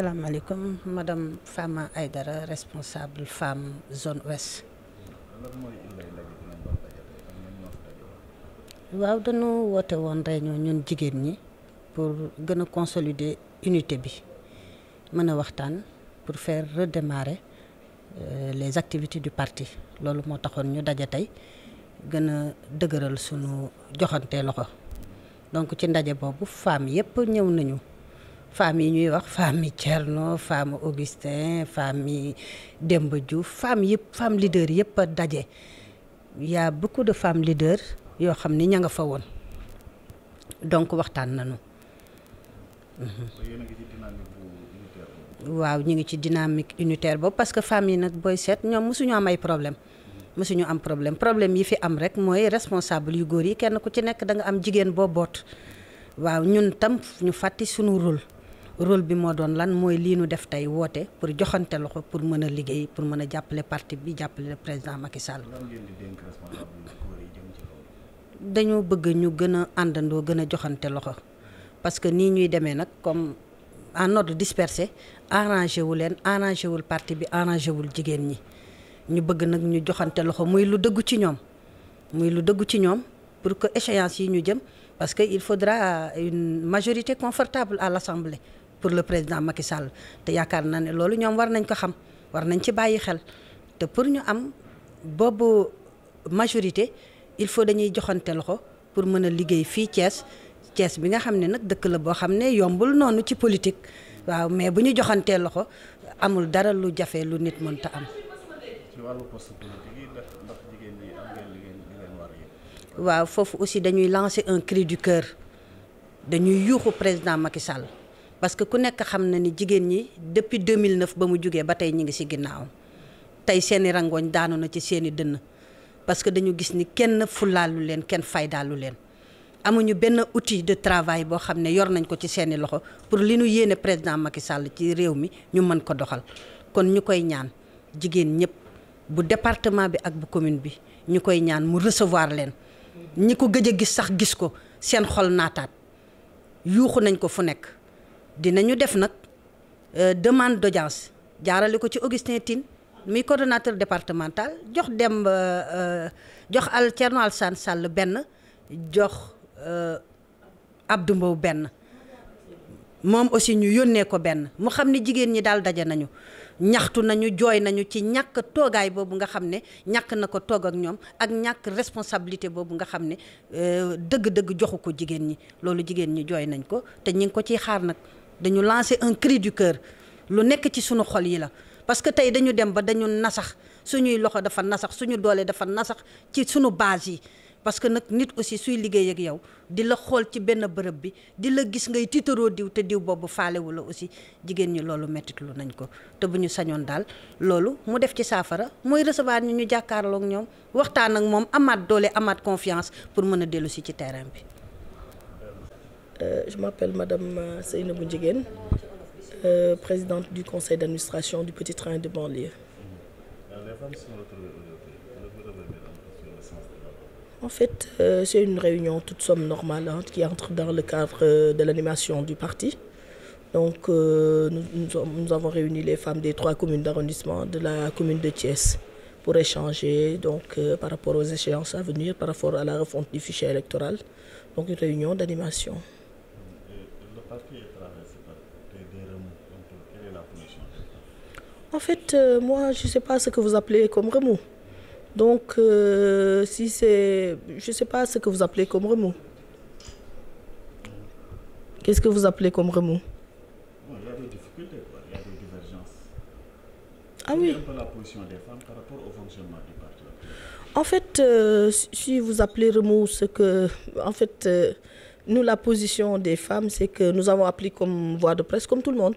asalaamaaleykum madame Fama Aydara responsable femme zone ouest. waaw dañoo woote woon réunion ñun jigéen ñi pour gën a consolider unité bi mën a waxtaan pour faire redémarrer euh, les activités du parti loolu moo taxoon ñu daje tey gën a dëgëral sunu joxante loxo donc ci ndaje boobu femme yépp ñëw nañu. femmes yi ñuy wax famille Thierno femme Augustin famille Demba Diouf femme yëpp femme leader yëpp a daje y a beaucoup de femmes leaders yoo xam ni ña nga fa woon donc waxtaan nañu. waaw ñu ngi ci dynamique unitaire boobu parce que femmes yi nag booy set ñoom mosuñu am ay problème ñu am problème problème yi fi am rek mooy responsable yu góor yi kenn ku ci nekk da nga am jigéen boo boot waaw ñun tam ñu fàtti sunu rôle rôle bi moo doon lan mooy lii nu def tey woote pour joxante loxo pour mën a liggéey pour mën a jàppale parti bi jàppale président makisal Sall. dañoo bëgg ñu gën a àndandoo gën a joxante loxo parce que nii ñuy demee nag comme en ordre dispersé arrangé wu leen arrangé wul parti bi arrangé wul jigéen ñi ñu bëgg nag ñu joxante loxo muy lu dëggu ci ñoom muy lu dëggu ci ñoom pour que échéance yi ñu jëm parce que il faudra une majorité confortable à l'Assemblée pour le président Macky Sall te yaakaar naa ne loolu ñoom war nañ ko xam war nañ ci bàyyi xel te pour ñu am boobu majorité il faut dañuy joxante loxo pour mën a liggéey fii Thiès Thiès bi nga xam ne nag dëkk la boo xam ne yombul noonu ci politique waaw mais bu ñu joxantee loxo amul dara lu jafe lu nit mënta am. waaw foofu aussi dañuy lancer un cri dañuy yuuxu président Macky Sall. parce que ku nekk xam na ni jigéen ñi depuis 2009 ba mu jógee ba tey ñi ngi ci ginnaaw tey seeni rangooñ daanu na ci seeni dënn parce que dañu gis ni kenn fulaalu leen kenn faydaalu leen amuñu benn outil de travail boo xam ne yor nañ ko ci seeni loxo pour li ñu yéene président Macky Sall ci réew mi ñu mën ko doxal kon ñu koy ñaan jigéen ñëpp bu département bi ak bu commune bi ñu koy ñaan mu recevoir leen ñi ko gëj a gis sax gis ko seen xol naataat yuuxu nañ ko fu nekk dinañu def nag euh, demande d'audience jaarale ko ci Augustin Tine muy coordonnateur départemental jox dem euh, euh, jox al Thierno Alassane Sall benn jox ab Mbow benn moom aussi ñu yónnee ko benn mu xam ni jigéen ñi daal daje nañu ñaxtu nañu jooy nañu ci ñàkk toogaay boobu nga xam ne ñàkk na ko toog ak ñoom ak ñàkk responsabilité boobu nga xam ne dëgg-dëgg joxu ko jigéen ñi loolu jigéen ñi jooy nañ ko te ñi ngi ko ci xaar nag dañu lancer un cri du cœur lu nekk ci suñu xol yi la parce que tey dañu dem ba dañu nasax suñuy loxo dafa nasax suñu doole dafa nasax ci suñu base yi parce que nag nit aussi suy liggéey ak yow di la xool ci benn bërëb bi di la gis ngay tiitaroo diw te diw boobu faalewu la aussi jigéen ñi loolu mettitlu nañ ko te bu ñu sañoon daal loolu mu def ci saafara mooy recevoir ñu ñu jàkkaarlook ñoom waxtaan ak moom amaat doole amaat confiance pour mën a dellu si ci terrain bi Euh, je m'appelle madame euh, Seynabou Ndiéguène euh, présidente du conseil d'administration du petit train de banlieue. En fait, euh, c'est une réunion toute somme normale hein, qui entre dans le cadre euh, de l'animation du parti. Donc, euh, nous, nous, nous, avons réuni les femmes des trois communes d'arrondissement de la commune de Thiès pour échanger donc, par rapport aux échéances à venir, par rapport à la refonte du fichier électoral. Donc, une réunion d'animation. En fait, euh, moi, je ne sais pas ce que vous appelez comme remous. Donc, euh, si c'est... Je sais pas ce que vous appelez comme remous. Qu'est-ce que vous appelez comme remous Ah oui. Un peu la position des femmes par rapport euh, vous appelez remous ce que... En fait... Euh, Nous, la position des femmes, c'est que nous avons appelé comme voie de presse, comme tout le monde,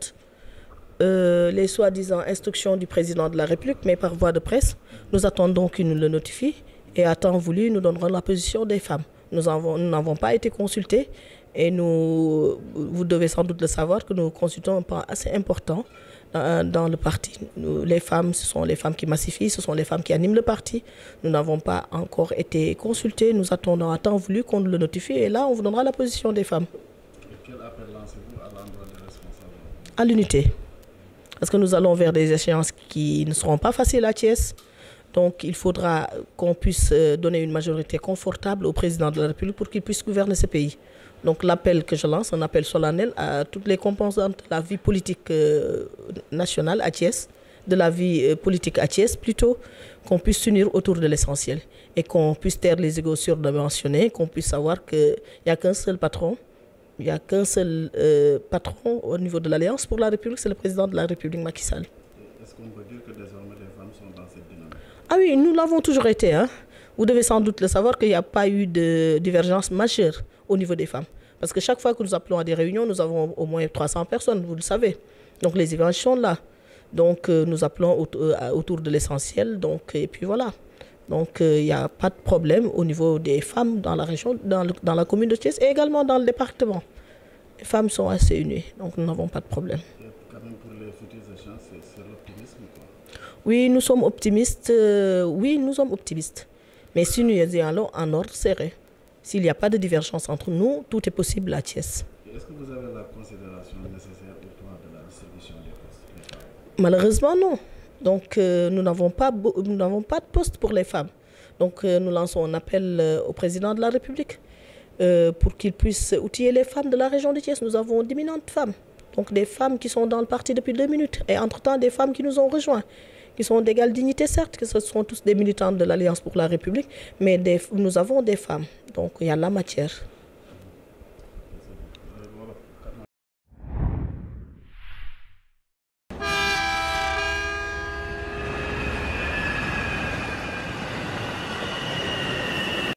euh, les soi-disant instructions du président de la République, mais par voie de presse. Nous attendons qu'il nous le notifie et à temps voulu, nous donnerons la position des femmes. Nous n'avons pas été consultés et nous, vous devez sans doute le savoir que nous consultons un point assez important dans le parti. les femmes, ce sont les femmes qui massifient, ce sont les femmes qui animent le parti. Nous n'avons pas encore été consultés. Nous attendons à temps voulu qu'on nous le notifie et là, on vous donnera la position des femmes. à l'unité. Parce que nous allons vers des échéances qui ne seront pas faciles à Thiès. Donc il faudra qu'on puisse euh, donner une majorité confortable au président de la République pour qu'il puisse gouverner ce pays. Donc l'appel que je lance, un appel solennel à toutes les composantes de la vie politique euh, nationale à de la vie euh, politique à Thiès plutôt, qu'on puisse s'unir autour de l'essentiel et qu'on puisse taire les égaux surdimensionnés, qu'on puisse savoir qu'il n'y a qu'un seul patron, il n'y a qu'un seul euh, patron au niveau de l'Alliance pour la République, c'est le président dans cette dynamique Ah oui, nous l'avons toujours été. Vous devez sans doute le savoir qu'il n'y a pas eu de divergence majeure au niveau des femmes. Parce que chaque fois que nous appelons à des réunions, nous avons au moins 300 personnes, vous le savez. les événements là. Donc euh, nous appelons euh, autour, de l'essentiel. Donc, voilà. Donc euh, il euh, n'y a pas de problème au niveau des femmes dans la région, dans, la commune de Thiès et également dans le département. Les femmes sont assez unies, donc nous n'avons problème. c'est l'optimisme Oui, nous sommes optimistes. Euh, oui, nous sommes optimistes. Mais si nous y allons en ordre serré, s'il n'y a pas de divergence entre nous, tout est possible à Thiès. la considération nécessaire au plan de la distribution des postes Malheureusement, non. Donc, euh, nous n'avons pas, de poste pour les femmes. Donc, euh, nous lançons un appel euh, au président de la République euh, pour qu'il puisse outiller les femmes de la région de Thiès. Nous avons dominantes femmes. Donc des femmes qui sont dans le parti depuis deux minutes et entre-temps des femmes qui nous ont rejoints qui sont d'égale dignité, certes, que ce sont tous des militantes de l'Alliance pour la République, mais nous avons des femmes. Donc il y a la matière.